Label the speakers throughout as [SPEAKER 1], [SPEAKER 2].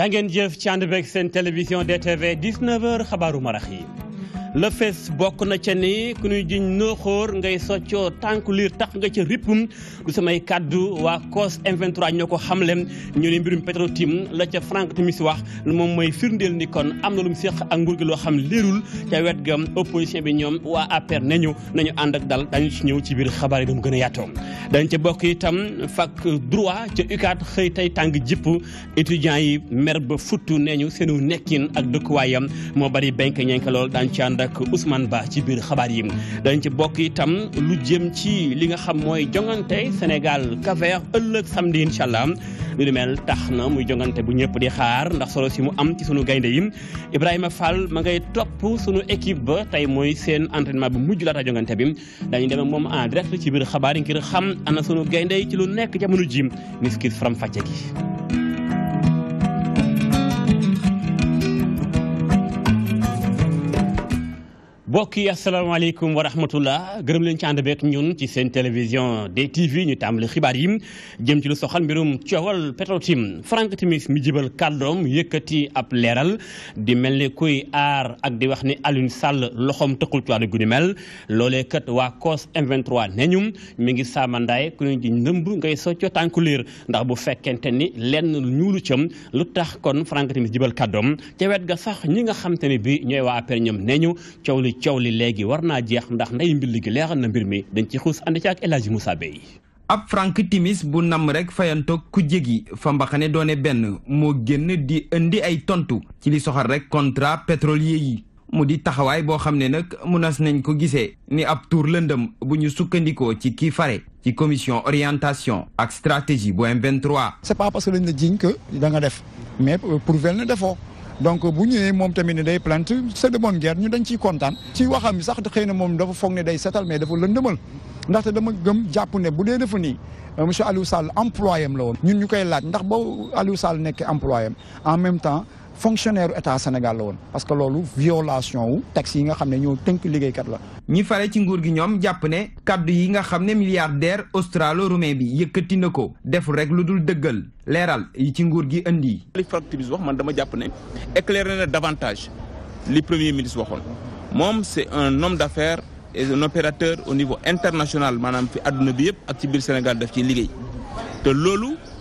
[SPEAKER 1] jàngeen jëf ci ànd beeg seen télévision DTV 19h xabaaru marax yi. la fees bokk na ca ni ku ñuy jiñ nooxóor ngay soccoo tànku liir tax nga ca rippum du samay kàddu waa COS m ñoo ko xamle ñu ne mbirum Petro-Tim la ca Franck Timis wax moom mooy firndeel ni kon am na lu mu séq ak nguur gi loo xam leerul ca wet ga opposition bi ñoom waa APR nañu nañu ànd ak dal dañu ci ñëw ci biir xabaar yi dum gën yaatoo dañ ca bokk itam fak droit ca UCAD xëy tey tànk jipp étudiants yi mer ba futtu nee ñu seenu nekkin ak dëkkuwaayam moo bari benk ñenk lool dañ ànd ak Ousmane Ba ci biir xabaar yi dañ ci bokk itam lu jëm ci li nga xam mooy jongante Sénégal Cap-Vert ëllëg samedi incha lu di tax na muy jongante bu ñëpp di xaar ndax solo si mu am ci sunu gaynde yi Ibrahima Fall ma ngay topp sunu équipe ba tey mooy seen entraînement bu mujj laata jongante bi dañu dem ak moom en direct ci biir xabaar yi ngir xam am na sunu gaynde yi ci lu nekk jamono jim miskis faram gi Boki assalamu asalaamaaleykum wa rahmatullah gërëm leen ci ànd beek ñun ci seen télévision TV ñu tàmbali xibaar yi jëm ci lu soxal mbirum petro Team, Frank Timis mi jibal kàddoom yëkëti ab léral di mel ni kuy aar ak di wax ni Alioune Sall tekkul ci mel lolé kat wa COS M23 ne mi ngi saamandaay ku ñu ji ndëmb ngay socco tànku liir ndax bu fekkenté ni lenn ñuulu lu tax kon Frank Timis jibal kadom ci wet ga sax ñi nga xam bi ñoy wa neñu coow li léegi war naa jeex ndax nday mbill gi leexal na mbir mi dañ ci xuus ànd ci ak El Hadji Moussa Bey ab Frank Timis bu
[SPEAKER 2] nam rek fayantoog ku jégi fa mbaxane doone benn moo génn di indi ay tontu ci li soxar rek contrat pétrolier yi mu di taxawaay boo xam ne nag nas nañ ko gisee ni ab tuur lëndëm bu ñu sukkandikoo ci kii fare ci commission orientation ak stratégie bu M23. c'est pas parce que dañ la jiñ que da nga def mais prouvé na defoo. donc bu ñëwee moom tamit ne day plante c'est de bonne guerre ñu dañ ciy kontaan. ci waxam bi sax xëy na moom dafa foog ne day setal mais dafa lëndëmal ndaxte dama gëm jàpp ne bu dee dafa nii euh, monsieur Aliou Sall employé am la woon. ñun ñu koy laaj ndax boo Aliou Sall nekk employé en même temps. fonctionnaire état Sénégal la woon parce que loolu violation wu taxes yi nga xam ne ñoo tënk kat la. ñi fare ci nguur gi ñoom jàpp ne kàddu yi nga xam ne milliardaire australo-roumain bi yëkkati na ko deful rek lu dul dëggal leeral yi ci nguur gi indi. li wax man dama jàpp ne
[SPEAKER 3] éclairer na davantage li premier ministre waxoon moom c'est un homme d'affaires et un opérateur au niveau international maanaam fi àdduna bi yëpp ak ci biir Sénégal def ciy liggéey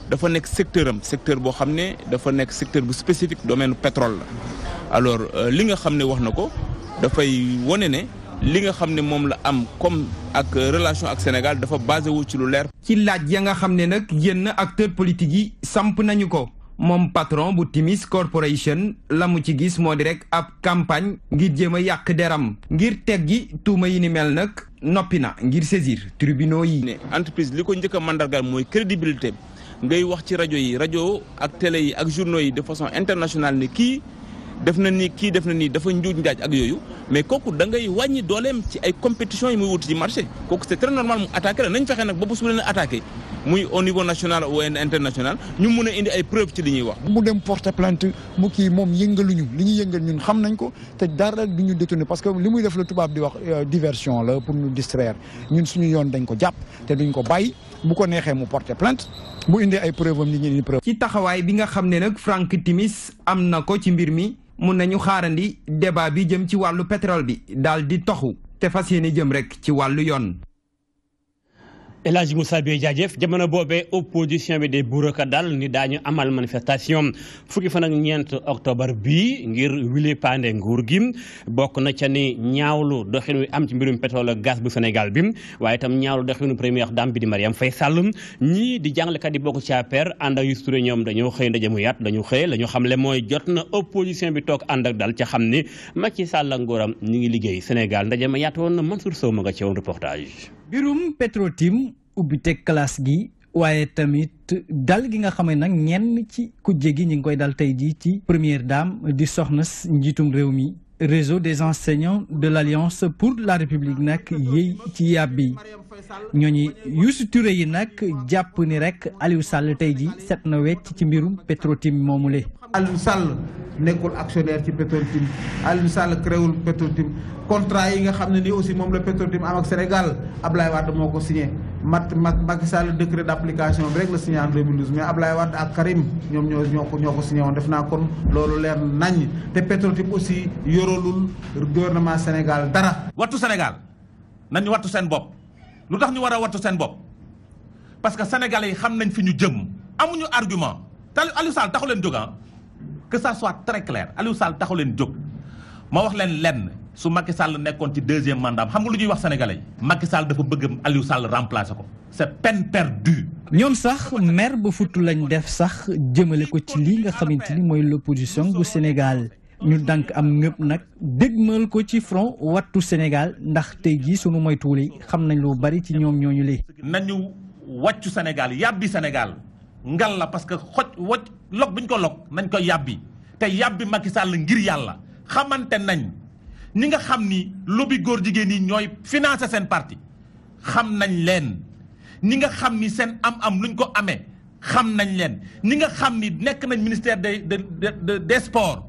[SPEAKER 3] dafa nekk secteur am secteur boo xam ne dafa nekk secteur bu spécifique domaine pétrole la alors euh, li nga xam ne wax na ko dafay wone ne li nga xam ne moom la am comme ak euh, relation ak Sénégal dafa basé wu ci lu
[SPEAKER 2] leer. ci laaj ya nga xam ne nag yenn acteur politiques yi samp nañu ko moom patron bu Timis Corporation la mu ci gis moo di rek ab campagne ngir jéem a yàq deram ngir teggi tuuma yi ni mel nag noppi na ngir saisir tribunaux yi. ne entreprise li ko njëkk a mooy crédibilité
[SPEAKER 3] ngay wax ci rajo yi rajo ak télé yi ak journaux yi de façon internationale ni kii def na ni kii def na nii dafa njuuj njaaj ak yooyu mais kooku da ngay wàññi dooleem ci ay compétition yi muy wut ci marché kooku c'est très normal mu attaqué la nañ fexe nag ba bu su leen attaqué muy au niveau national ou international ñu mun a indi ay preuve ci li ñuy wax.
[SPEAKER 2] mu dem porter plainte mu kii moom yëngaluñu li ñu yëngal ñun xam nañ ko te dara du ñu détourné parce que li muy def la tubaab di wax euh, diversion la pour ñu distraire ñun suñu yoon dañ ko jàpp te duñ ko bàyyi bu ko neexee mu porte plainte bu indee ay preuve am li ñu taxawaay bi nga xam ne nag Frank Timis am na ko ci mbir mi. mun nañu xaarandi débat bi jëm ci wàllu pétrole bi daal di toxu te fas yéene
[SPEAKER 1] jëm rek ci wàllu yoon El Hadj Moussa Beye jaajëf jamono boobee opposition bi de buraka dal ni daañu amal manifestation fukki fan ak ñeent octobre bii ngir wili pande nguur gi bokk na ca ni ñaawlu doxin wi am ci mbirum pétrole ak gaz bu Sénégal bi waaye tam ñaawlu doxinu première dame bi di Mariam fay Sall ñii di jàngalekat yi bokk ci APR ànd ak Youssou ñoom dañoo xëy ndaje mu yaat dañu xëy la ñu xam le mooy jot na opposition bi toog ànd ak dal ca xam ni Macky Sall nguuram ñu ngi liggéey Sénégal ndaje ma yaatu woon ma nga ci woon reportage
[SPEAKER 4] mbirum Petrotim ubbi teg classe gi waaye tamit dal gi nga xam nag ñenn ci kujje gi ñu ngi koy dal tey jii ci première dame di soxna njiitum réew mi. réseau des enseignants de l'alliance pour la république nag yéey ci yàbbi ñooñu Youssou Touré yi nag jàpp ni rek Aliou Sall tey ji set na wecc ci mbirum Petrotim moomule. Aliou Sall. nekkul
[SPEAKER 5] actionnaire ci Petrotim Aliou Sall créewul Petrotim contrat yi nga xam ne ni aussi moom la Petrotim am ak Sénégal Ablaye Wade moo ko signé mat mat Macky Sall décret d' application bi mais Ablaye Wade ak Karim ñoom ñoo ñoo ko ñoo ko signé woon def naa kon loolu leer nañ te Petrotim aussi yorolul gouvernement Sénégal dara. wattu Sénégal
[SPEAKER 3] nañu wattu seen bopp lu tax ñu war a wattu seen bopp parce que sénégalais yi xam nañ fi ñu jëm amuñu argument te Aliou Sall leen jóg ah. que ça soit très clair Aliou Sall taxu leen jóg ma wax l'en l'en, su Macky Sall nekkoon ci deuxième mandat xam nga wax sénégalais Macky Sall dafa bëgg Aliou Sall remplacer ko. c'est peine
[SPEAKER 4] perdue. ñoom sax mer ba futu lañ def sax jëmale ko ci lii nga xamante l'opposition bu Sénégal. ñu dank am ngëpp nag dégmal ko ci front wattu Sénégal ndax tey jii sunu moytuwul xam nañ lu bari ci ñoom ñooñu lii.
[SPEAKER 3] nañu Sénégal yabi Sénégal ngal la parce que xoj wàcc log bi ñu ko log nañ ko yàbbi te yàbbi Macky Sall ngir yàlla xamante nañ ñi nga xam ni lobby góor jigéen yi ñooy financé seen parti xam nañ leen ñi nga xam ni seen am-am luñ ko amee xam nañ leen ñi nga xam ni nekk nañ ministère de de des sport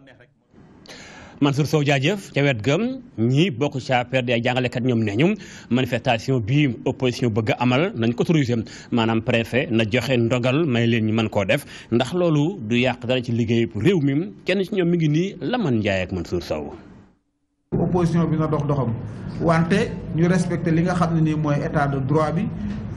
[SPEAKER 1] Mansour Sow jaajëf ci wet gam ñi bokku ci APR ay jàngalekat ñoom ne ñu manifestation bi opposition bëgg amal nañ ko autorisé manam préfet na joxe ndogal may leen ñu mën ko def ndax lolu du yaq dara ci liggéey bu réew mi kenn ci ñom mi ngi nii Lamane jaay ak Mansour Sow.
[SPEAKER 5] opposition bi na dox doxam wante ñu respecter li nga xamni ni moy état de droit bi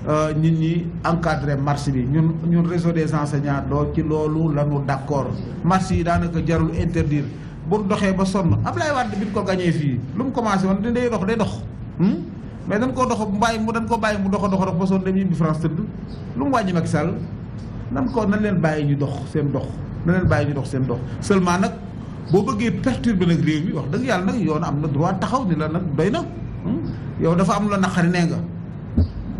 [SPEAKER 5] euh, nit ñi encadrer marché bi ñun ñun réseau des enseignants do ci lolu lañu d'accord marché accord marche yi jarul interdire. bu doxee ba sonn Ablaye Wade bi ñu ko gañee fii lu mu commencé woon day dox day dox. Hmm? mais dañ koo dox mbàyyi mu dañ ko bàyyi mu dox a dox ba sonn dem yibbi France tëdd lu mu wàññi Macky Sall nan ko nan leen bàyyi ñu dox seen dox na bàyyi ñu dox seen dox seulement nag boo bëggee bi nag réew mi wax dëgg yàlla nag yoon am na droit taxaw ni la nag doy na. Hmm? yow dafa am la naqari nee nga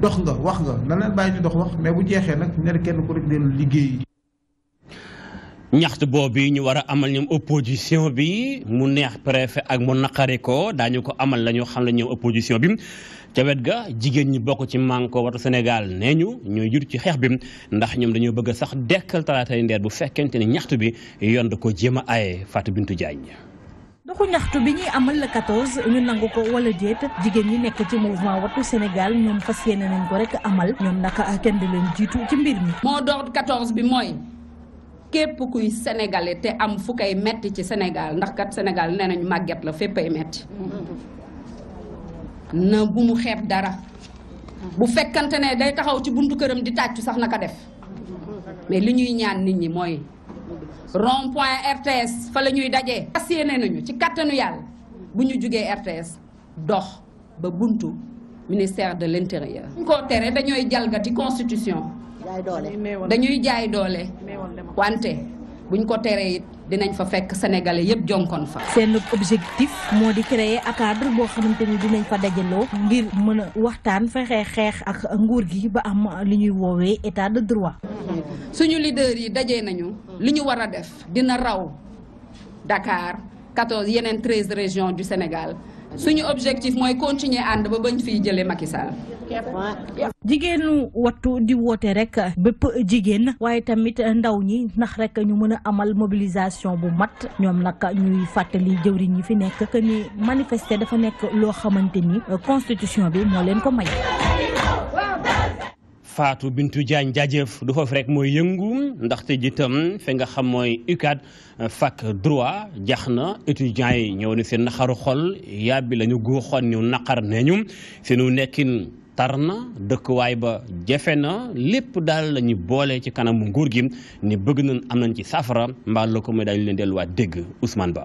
[SPEAKER 5] dox nga wax nga na leen bàyyi ñu dox wax mais bu jeexee nag nee kenn ku rek dellu liggéey.
[SPEAKER 1] ñaxtu boobu ñu war a amal ñoom opposition bi mu neex préfet ak mu naqari ko daañu ko amal la ñoo xam ne ñoom opposition bi ca ga jigéen ñi bokk ci manko watu Sénégal nee ñu ñooy jur ci xeex bi ndax ñoom dañoo bëgg sax dekkal talaatay ndeer bu fekkente ni ñaxtu bi yond ko jéem a aye Fatou Bintou Diagne.
[SPEAKER 6] doxu ñaxtu bi ñuy amal la 14 ñu nangu ko wala déet jigéen ñi nekk ci mouvement wattu Sénégal ñoom fas yéene nañ ko rek amal ñoom naka kenn du leen jiitu ci mbir mi. moo dox bi mooy. képp kuy sénégalais te am fu koy metti ci Sénégal ndax kat Sénégal nee nañu màgget la fépp ay metti na bu mu xeeb dara bu fekkante ne day taxaw ci buntu këram di tàccu sax naka def mais li ñuy ñaan nit ñi mooy rond point RTS fa la ñuy dajee fas nañu ci kattanu yàlla bu ñu jugee RTS dox ba buntu ministère de l'intérieur. koo tere dañooy jalgati constitution. jaay doole dañuy jaay doole wante buñ ko teree it dinañ fa fekk sénégalais yëpp jonkon fa. seen objectif moo di créer ak cadre boo xamante ni dinañ fa dajaloo ngir mën a waxtaan fexe xeex ak nguur gi ba am li ñuy woowee état de droit. suñu leader yi dajee nañu. li ñu war a def dina raw Dakar 14 yeneen 13 régions du Sénégal. suñu objectif moy continuer and ba bañ fi jëlé Macky Sall. jigen wattu di woté rek bëpp jigen, waye tamit ndaw ñi nax rek ñu mëna amal mobilisation bu mat ñom nak ñuy fatali jëwri ñi fi nekk que ni manifester dafa nekk lo xamanteni constitution bi mo leen ko may.
[SPEAKER 1] Fatou Bintou Diagne jaajëf du foofu rek mooy yëngu ndaxte jitam fi nga xam mooy UCAD fac droit jax na étudiants yi ñëw ni seen naqaru xol yàbbi la ñu góoxoon ñu naqar ñu seenu nekkin tar na dëkkuwaay ba jafe na lépp daal la ñu boole ci kanamu nguur gi ni bëgg nañ am nañ ci saafara mbaal la ko mooy daañu leen delluwaat dégg Ousmane Ba.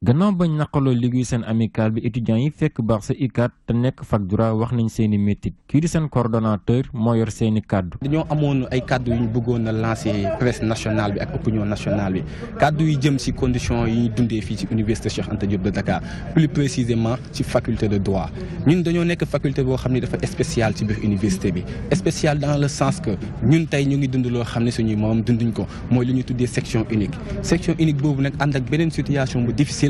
[SPEAKER 7] gannaaw bañ naqaloo liggéey seen amical bi étudiants yi fekk baax sa UCAD te nekk fac droit wax nañ seen i métit kii di seen coordonnateur moo yor seen i kaddu dañoo amoon ay kaddu yu ñu bëggoon a lancer presse nationale bi ak opinion nationale bi kaddu yi jëm si condition yi ñuy dundee fii ci université Cheikh Anta Diop de Dakar plus précisément ci faculté de droit ñun dañoo nekk faculté boo xam ne dafa spécial ci biir université bi spécial dans le sens que ñun tay ñu ngi dund loo xam ne suñuy moom dunduñ ko mooy li ñu tuddee section unique section unique boobu nag ànd ak beneen situation bu difficile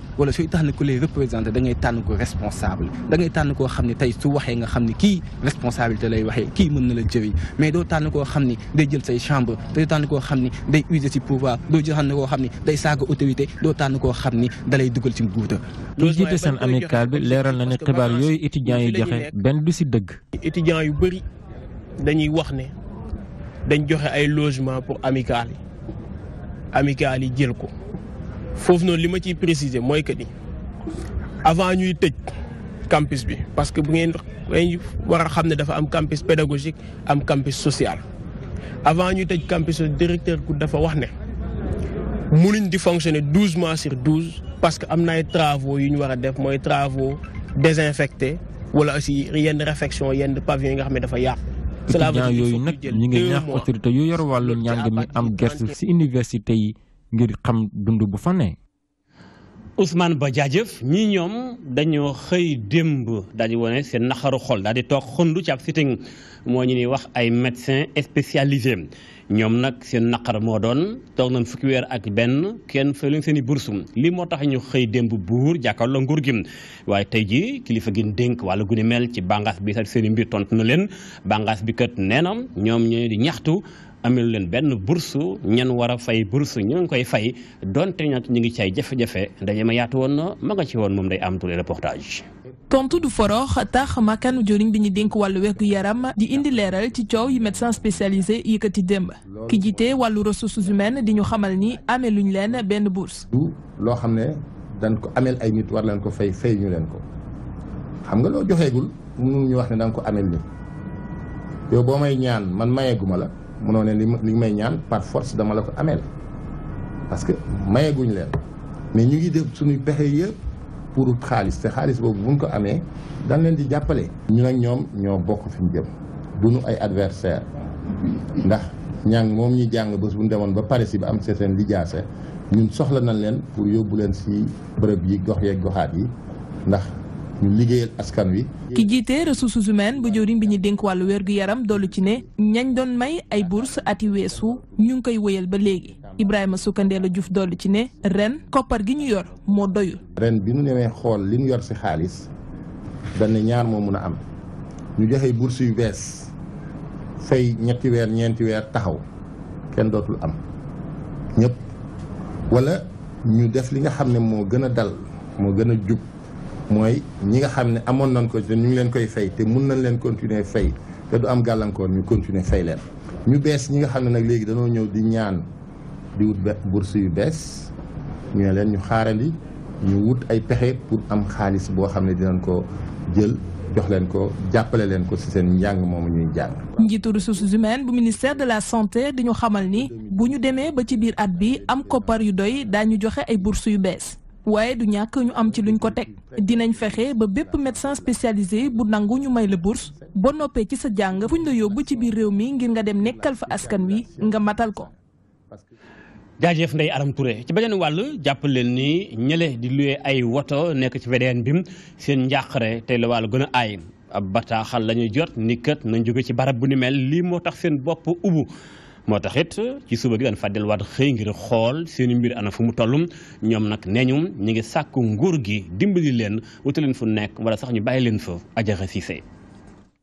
[SPEAKER 7] wala soy tànn ko lay représenter da ngay tànn ko responsable da ngay tànn ko xamni tay su waxe nga xamni ki responsabilité lay waxe ki mën na la jëriñ mais do tànn ko xamni day jël say chambre doo tànn ko xamni day user ci pouvoir do jël koo xam ne day sag autorité do tànn ko xamni ne dalay duggal ci nguuta lu jiite seen amical bi leral na ne xibar yoy étudiant yi joxe ben du ci deug étudiant yu bëri dañuy wax ne dañ joxe ay logement pour amical yi amical yi jël ko foofu noonu li ma préciser mooy que ni avant ñuy tëj campus bi parce que bu ngeen ngeen war dafa am campus pédagogique am campus social avant ñuy tëj campus directeur ku dafa wax ne munuñ di fonctionner 12 mois sur 12 parce que am na travaux yu ñu war def mooy travaux désinfectés wala aussi rien de réfection yenn pavillon yi nga xam dafa yàqu. cela veut dire yooyu nag ñi ngi ñaax autorité yu yor wàllu njàng mi am gerte si université yi. ngir xam dund bu fa ne.
[SPEAKER 1] Ousmane Ba jaajëf ñii ñoom dañoo xëy démb daal di wane seen naxaru xol daal di toog xundu ci ab sitting moo ñu ni wax ay médecins spécialisés ñoom nag seen naqar moo doon toog nañ fukki weer ak benn kenn fay leen seen i bursu lii moo tax ñu xëy démb buur jàkkaarloo nguur gi waaye tey jii kilifa gi dénk wàllu gu ni mel ci bàngaas bi sax seen i mbir tontu na leen bàngaas bi kat nee na ñoom ñooy di ñaxtu. amel len benn bourse ñan wara a fay bourse ñu ngi koy fay donte ñat ñu ngi ci ay jafe-jafe ndaje ma yaatu woon na ma nga ci woon moom day am tule reportage
[SPEAKER 8] tontu du forox tax makkaanu joriñ bi ñu dénk wàllu yaram di indi leeral ci coow yi médecin spécialisé yëkkati démb ki jiite wàllu ressources humaines di ñu xamal ni amee luñ leen benn bourse
[SPEAKER 9] dañ ko amel ay nit war leen ko fay fay ñu leen ko xam nga ñu wax ko amel nit yow bo may ñaan man mayeeguma la munoo li may ñaan par force dama la amel, parce que mayeguñ leen mais ñu ngi def suñu pexé yëpp pour xaliss té xaliss xaalis buñ ko amé dañ leen di jappalé ñu nak ñom ño bokk fi jëm duñu ay adversaire ndax ñang mom ñi jang bëss buñ démon ba pare si ba am li jassé ñun soxla nañ leen pour yóbbu leen si yi gox yeeg goxat yi ndax ñu liggéeyal askan wi.
[SPEAKER 8] ki jité ressources humaines bu jëwriñ bi yaram dolu ci né ñañ doon may ay bourse ati wessu ñu ngi koy wëyel ba légui Ibrahima Soukandeela juuf dolu ci né ren koper gi ñu yor mo doyu
[SPEAKER 9] ren bi ñu néwé xol li ñu yor ci xaaliss dañ ñaar mo mëna am ñu joxé bourse yu bess fay ñetti wër ñenti wër taxaw dotul am ñep wala ñu def li nga xamné mo gëna dal mo gëna moy ñi nga xamné amon nañ ko te ñu ngi leen koy fay té mën nañ leen continuer fay té du am gàllankoor ñu continuer fay leen ñu bees ñi nga xamné nak légui léegi ñëw di ñaan di wut bourse yu bees ñu leen ñu xaarandi ñu wut ay pexe pour am xaalis bo xamné ne dinañ ko jël jox leen ko jàppale leen ko ci seen njàng moomu ñuy jàng.
[SPEAKER 8] njiitu ressources humaines bu ministère de la santé di ñu xamal ni bu ñu demee ba ci biir at bi am koppar yu doy daañu joxe ay bourse yu bees. waaye du ñàkk ñu am ci luñ ko teg dinañ fexe ba bépp médecin spécialisé bu nangu ñu may la bourse ba noppee ci sa jàng fu ñu la yóbbu ci biir réew mi ngir nga dem nekkal fa askan wi nga matal ko.
[SPEAKER 1] jaajëf Ndeye Aram Touré ci beneen wàll jàppal leen ni ñële di luye ay woto nekk ci VDN bim seen njàqare tey la wàll gën a aay ab bataaxal la ñuy jot ni kat nañ jóge ci barab bu ni mel lii moo tax seen bopp ubu. moo tax it ci suba gi daan fàddelwaat xëy ngir xool seen mbir ana fu mu tollum ñoom nag neñu ñi ngi sàkku nguur gi dimbali leen wutaleen fu nekk wala sax ñu bàyyi leen fa ajaxa siisee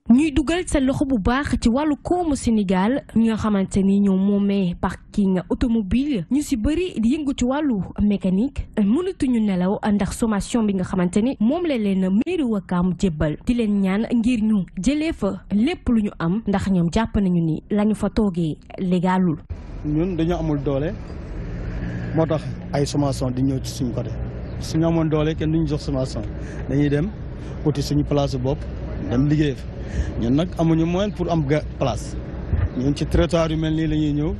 [SPEAKER 6] ñuy dugal sa loxo bu baax ci wàllu koomu Sénégal ñi nga xamante ni ñoo moomee parking automobile ñu si bëri yëngu ci wàllu mécanique ñu nelaw ndax sommation bi nga xamante ni moom la leen mairie Wakaam jébbal di leen ñaan ngir ñu jëlee fa lépp lu ñu am ndax ñoom jàpp nañu ni lañu fa toogee légalul.
[SPEAKER 10] ñun dañu amul doole moo tax ay sommation di ñëw ci suñu côté suñu amoon doole kenn duñu jox sommation dañuy dem uti suñu place bopp dem liggéey ñun nag amuñu moyen pour am place ñun ci trottoir yu mel nii la ñuy ñëw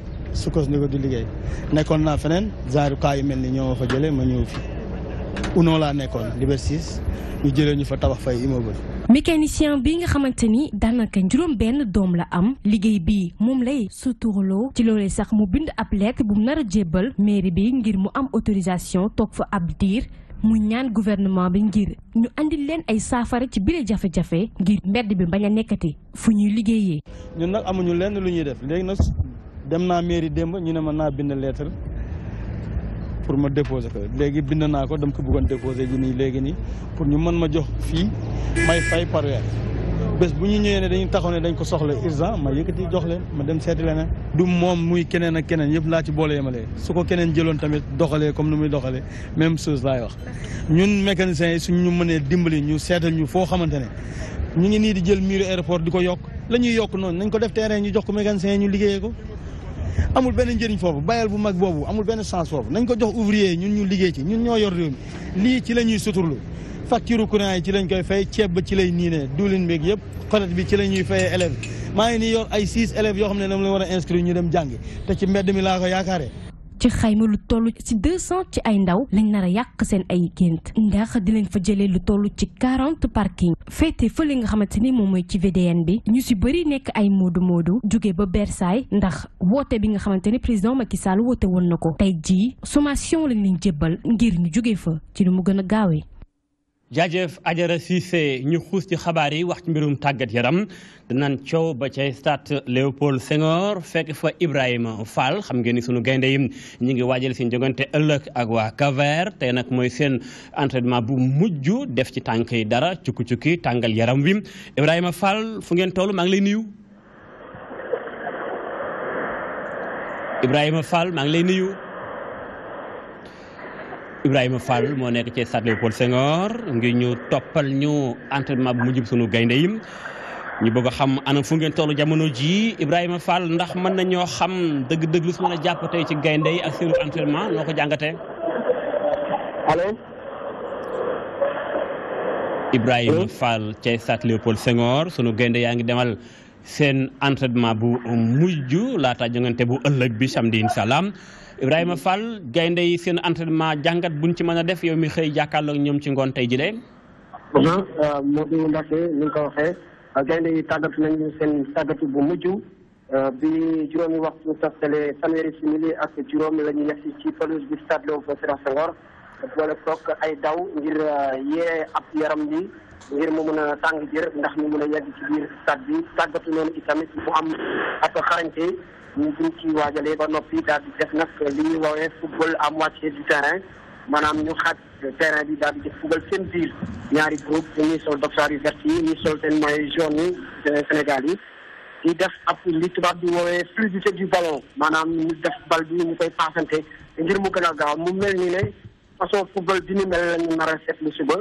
[SPEAKER 10] ko di liggéey nekkoon naa feneen genre cas yu mel nii ñoo fa jëlee ma ñëw fi unoo laa nekkoon Liberté 6 ñu jëlee ñu fa tabax fay immeuble.
[SPEAKER 6] mécanicien bi nga xamante ni daanaka juróom benn doom la am liggéey bi moom lay suturloo ci loolee sax mu bind ab lettre bu mu nar a jébbal mairie bi ngir mu am autorisation toog fa ab diir. mu ñaan gouvernement bi ngir ñu andil leen ay saafara ci bile jafe-jafe ngir mbedd bi bañ a nekkati
[SPEAKER 10] fu ñuy liggéeyee. ñun nag amuñu lenn lu ñuy def léegi nag dem naa mairie démb ñu ne ma naa bind lettre pour ma déposer ko léegi bind naa ko dem ko bëggoon déposer ji nii léegi nii pour ñu mën ma jox fii may fay par bés bu ñu ñëwee ne dañu taxaw ne dañ ko soxla urgent ma yëkkati jox leen ma dem seeti leneen du mom muy keneen ak keneen yëpp la ci boole yamalé su ko keneen jëloon tamit doxalé comme nu muy doxalé même chose lay wax ñun mécanicien yi suñu mëne dimbali ñu sétal ñu fo xamantene ñu ngi ni di jël mur aéroport diko yok lañuy yok non nañ ko def terrain ñu jox ko mécanicien ñu liggéeyee ko amul benn njëriñ foofu bayal bu mag boobu amul benn chance foofu nañ ko jox ouvrier ñun ñu liggéey ci ñun ñoo yor réew mi lii ci lañuy suturlu facture courant yi ci lañ koy fay ceeb ba ci lay niinee diwlin beeg yëpp xonet bi ci la ñuy fayee élèves maa ngi nii yor ay six élèves yoo xam ne dama la war a inscrire ñu dem jàngi te ci mbedd mi laa ko yaakaaree.
[SPEAKER 6] ci xayma lu toll ci deux cent ci ay ndaw lañ nar a yàq seen ay gént ndax dinañ fa jëlee lu toll ci quarante parking féete fële nga xamante ni moom mooy ci VDN bi ñu si bëri nekk ay moodu moodu jóge ba Versailles ndax woote bi nga xamante ni président Macky Sall woote woon na ko tey jii sommation lañ leen jébbal ngir ñu jóge fa ci lu mu gën a gaawee.
[SPEAKER 1] jaajëf Ajara Cissé ñu xuus ci xabaar yi wax ci mbirum tàggat yaram danaan coow ba ca stade Léopold Senghor fekk fa Ibrahima Fall xam ngeen ni sunu gaynde yi ñu ngi waajal seen jogante ëllëg ak waa Cap-Vert tey nag mooy seen entraînement bu mujj def ci tànk yi dara cukki-cukki tàngal yaram wi Ibrahima Fall fu ngeen toll maa ngi lay nuyu. Ibrahima Fall maa ngi lay nuyu. Ibrahima Fall moo nekk ci stade Léopold Senghor ngir ñu toppal ñu entraînement bu mujj sunu gaynde yi ñu bëgg xam ana fu ngeen tollu jamono ji Ibrahima Fall ndax mën na ñoo xam dëgg-dëgg lu su mën jàpp tey ci gaynde yi ak seenu entraînement noo ko jàngatee. allo. Ibrahima Fall ci stade Léopold Senghor sunu gaynde yaa ngi demal. sen entraînement bu mujj laata jongante bu ëllëg bi samedi incha Ibrahima Fall gaynde yi sen entraînement jangat buñ ci mën def yow mi xey xëy ak ñom ci ngoon tey jile.
[SPEAKER 11] moo di ndaxte ni nga ko waxee ah, gaynde yi tàggatu nañu sen tagatu bu mujj ah, bi juroomi waxtu taftalee fanweeri simili ak juroomi lañu yex ci pelouse bi stade Léopold sera Senghor wala tok ay daw ngir ah, yee ap yaram bi. ngir mu mun a sàng jër ndax ñu mun a yegg ci biir stade bi tàggatu noonu itamit mu am ab xarañte ñu buñ ci waajalee ba noppi daal di def nag ñuy woowee football am moitié du terrain maanaam ñu xaaj terrain bi daal di def football seen biir ñaari groupe ñuy sol doxaar yu vert yi ñuy sol seen maillot jaune yi Sénégal yi di def ab li tubaab di woowee fluidité du ballon maanaam ñu def bal bi mu koy paasante ngir mu gën a gaaw mu mel ni ne façon football bi ni mel la ñu nar a seetlu suba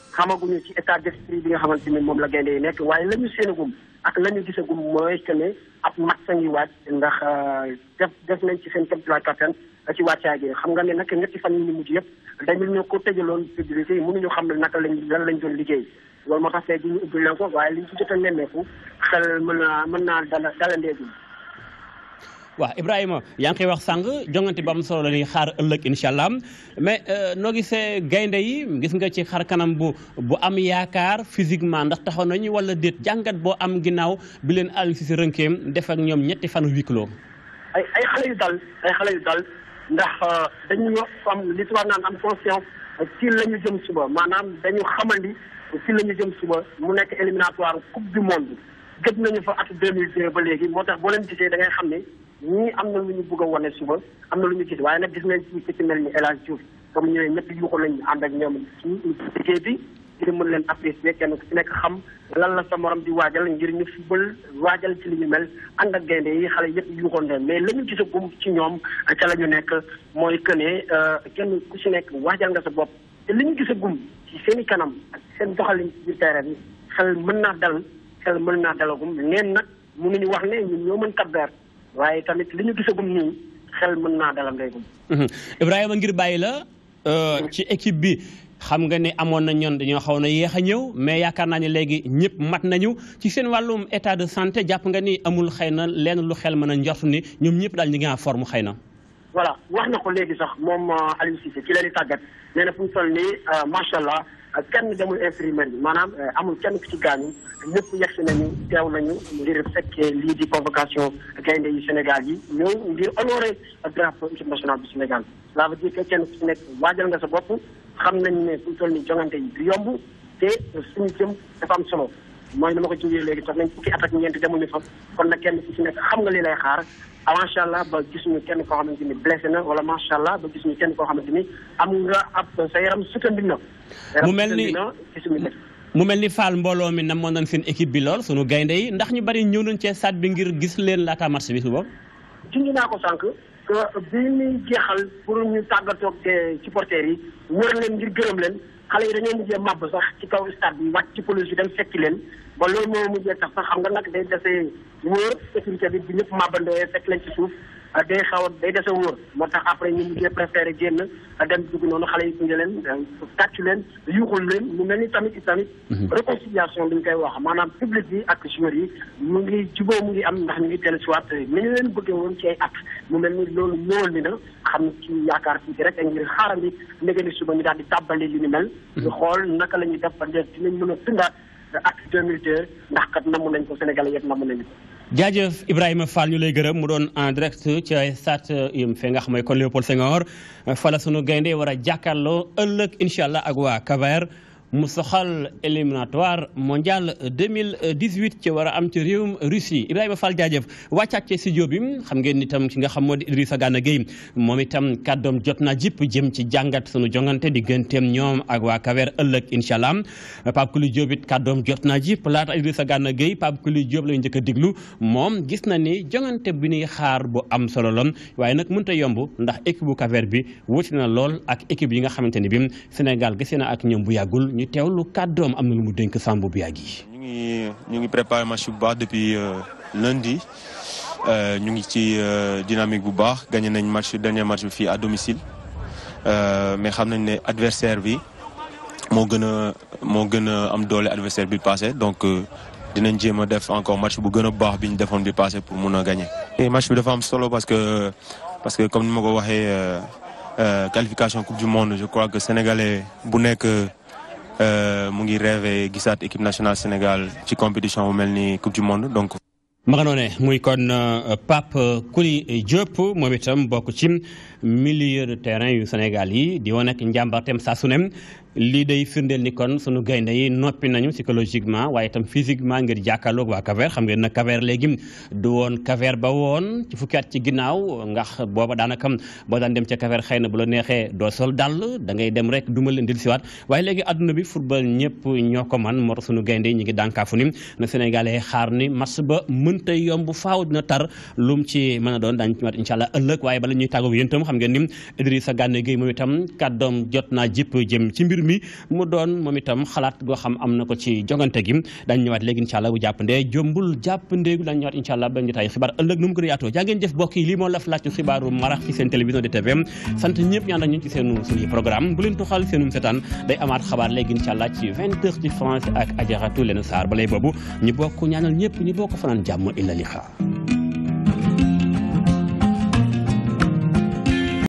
[SPEAKER 11] xamaguñu ci état d'esprit bi nga xamante ni moom la gaynde yi nekk waaye la ñu séenagum ak gis a gisagum mooy que ne ab match a ngi waaj ndax euh, def def nañ ci seen kéemtulaay kattan ci wàccaay gi xam nga ne nag ñetti fan yi ñu mujj yëpp dañu ñoo ko tëjaloon publicité yi ñu xam ne naka lañ lan lañ doon liggéey loolu moo tax tey ji ñu ubbi leen ko waaye liñ ci jot a nemmeeku xel mën naa mën naa dala dalandeegum
[SPEAKER 1] waaw Ibrahima yaa ngi koy wax sànq jongante ba am solo la ñuy xaar ëllëg incha allah mais euh, noo gisee gaynde yi gis nga ci xar kanam bu bu am yaakaar physiquement ndax taxaw nañu wala déet jàngat boo am ginnaaw bi leen Aliou Cissé rënkeem def ak ñoom ñetti fan huis
[SPEAKER 11] ay ay xale yu dal ay xale yu dal ndax euh, dañu am li tubaab naan am conscience ci la ñu jëm suba maanaam dañu xamandi ci la ñu jëm suba mu nekk éliminatoire coupe du monde gëj nañu fa atu 2002 ba léegi moo tax boo leen gisee da ngay xam ne. ñii am na lu ñu bëgg a wane suba am na lu ñu gis waaye nag gis nañ ci ci mel ni El Hadj Diouf comme ñooy ñëpp yuuxu nañ ànd ak ñoom ci liggéey bi ngir mën leen apprécier kenn ku ci nekk xam lan la sa morom di waajal ngir ñu fubal waajal ci li ñu mel ànd ak gaynde yi xale yëpp yuuxoon leen mais la ñu gisagum ci ñoom ca la ñu nekk mooy que ne euh, kenn ku si nekk waajal nga sa bopp te li ñu gisagum ci seen i kanam ak seen doxalin ci biir terrain bi xel mën naa dal xel mën naa dalagum neen nag mënuñu wax ne ñoo mën cap waaye tamit li ñu gisagum nii xel mën naa dalam day
[SPEAKER 1] mhm. Ibrahima ngir bàyyi la euh, ci équipe bi xam nga ne amoon na ñoon dañoo xaw na yéex a ñëw mais yaakaar naa ne léegi ñëpp mat nañu ci seen wàllum état de santé jàpp nga ni amul xëy na lenn lu xel mën a njort ni ñoom ñëpp daal ñi ngi en forme xëy na
[SPEAKER 11] voilà wax na ko léegi sax moom euh, Aliou Cissé ci leen tàggat nee na fu mu toll nii euh, macha allah ak kenn demul infirmerie maanaam euh, amul kenn ku ci gaañu ñëpp yegsi nañu teew nañu ngir fekkee lii di convocation gaynde yu Sénégal yi ñëw ngir honoré drapeau équipe nationale du Sénégal laa veut dire kenn ku ci nekk waajal nga sa bopp xam nañ ne fu toll ni jongante yi du yomb te suñu jëm dafa am solo mooy li ma ko jëlee léegi sax nañ fukki at ak ñeent demuñu fa kon nag kenn ku ci nekk xam nga li lay xaar Ah, macha allah ba gis ñu kenn koo xamante ni blessé na wala macha allah ba gis ñu kenn koo xamante ni am nga ab sa yaram sukkandi na.
[SPEAKER 1] mu mel ni mu mel ni Fall mbooloo mi namoon nañ seen équipe bi lool sunu gaynde yi ndax ñu bari ñëw nañ cee stade bi ngir gis leen laata match bi suba.
[SPEAKER 11] junj naa ko sànq que bi ñuy jeexal pour ñu tàggatoo ak eh, supporters yi wër leen ngir gërëm leen. xale yi dañoo mujjee màbb sax ci kaw stade bi wàcc ci police yi dem fekki leen ba loolu moo mujjee tax sax xam nga nag day desee wóor sécurité bi bu ñëpp màbbandoo fekk leen ci suuf day xaw a day dese wóor moo tax après ñu mujjee préféré génn dem dugg noonu xale yi gunge leen tàccu leen yuuxul leen mu mel ni tamit i tamit mhm. réconciliation duñ koy wax maanaam public bi ak joueurs yi mu ngi jubóo mu ngi am ndax ñu ngi dellu si waat ni ñu leen bëggee woon ci ay at mel ni loolu ñëwal na xam ci yaakaar fii rek ngir xaarandi ndege ni suba ñu daal di tàbbali li ñu naka la ñuy def ba def ndax kat namu nañ ko Sénégalais
[SPEAKER 1] Ibrahima Fall ñu lay gërëm mu doon en direct ca sat yum fe nga xam mooy kon Léopold Senghor fa la sunu gaynde war a jàkkaarloo ëllëg incha allah ak waa Kabaar. mu soxal éliminatoire mondial 2018 ci war am ci réewum Russie Ibrahima Fall jaajëf wàccaat ci studio bi xam ngeen ni tam ki nga xam moo di Idrissa Gana Gueye moom itam kàddoom jot na jip jëm ci jàngat sunu jongante digganteem ñoom ak waa Kawer ëllëg incha allah Pape Kouly Diop it kàddoom jot na jip laata sa Gana Gueye Pape Kouly Diop lañu njëkk a diglu moom gis na ni jongante bi ñuy xaar bu am solo loon waaye nag mënut a yomb ndax équipe bu bi wuti na lool ak équipe yi nga xamante ni bi Sénégal gisee na ak ñoom bu yàggul. ñu teewlu lu kaddom amna lu mu dénk Sambou Biagui.
[SPEAKER 10] ñu ngi ñu ngi préparé match bu baax depuis euh, lundi euh, ñu ngi ci euh, dynamique bu baax gagné nañ match dernier match fi à domicile euh mais xam nañ ne adversaire bi mo gëna mo gëna am doolé adversaire bi passé donc dinañ jéem a def encore match bu gëna a baax bi ñu defoon bi passé pour mëna gagner et match bi dafa am solo parce que parce que comme ni ma waxé euh qualification coupe du monde je crois que sénégalais bu nekk. Euh, mu ngi rêvé gisaat équipe nationale Sénégal ci compétition bu mel ni coupe du monde donc.
[SPEAKER 1] ma nga muy kon euh, Pape Kouli Diop moom itam bokk ci milieu de terrain yu Sénégal yi di woon ak njàmbarteem saa su lii day firndeel ni kon sunu gaynde yi noppi nañu psychologiquement waaye itam physiquement ngir jàkkaarloog waa Cap Vert xam ngeen na Cap Vert léegi du woon Cap Vert ba woon ci fukki at ci ginnaaw ndax booba daanaka boo daan dem ca Cap Vert na bu la neexee doo sol dàll da ngay dem rek du ma leen dil siwaat waaye léegi adduna bi football ñëpp ñoo ko man moo tax sunu gaynde yi ñu ngi dànkaafu ni na Sénégalais xaar ni match ba mënta yomb faaw dina tar lu mu ci mën a doon daañu ci mat incha allah ëllëg waaye bala ñuy tàggoog yéen itam xam ngeen ni Idrissa Gana Gueye moom itam kàddoom jot naa jëpp ci mbir mbir mi mu doon moom itam xalaat goo xam am na ko ci jogante gi dañ ñëwaat léegi incha allah bu jàppandee jombul jàppandeegu dañ ñëwaat incha allah benn mu gën a yaatoo jaa ngeen jëf bokk yi lii moo laf laaj xibaaru marax allah boobu ñu bokk ñaanal ñëpp ñu bokk fanaan jàmm illa liqa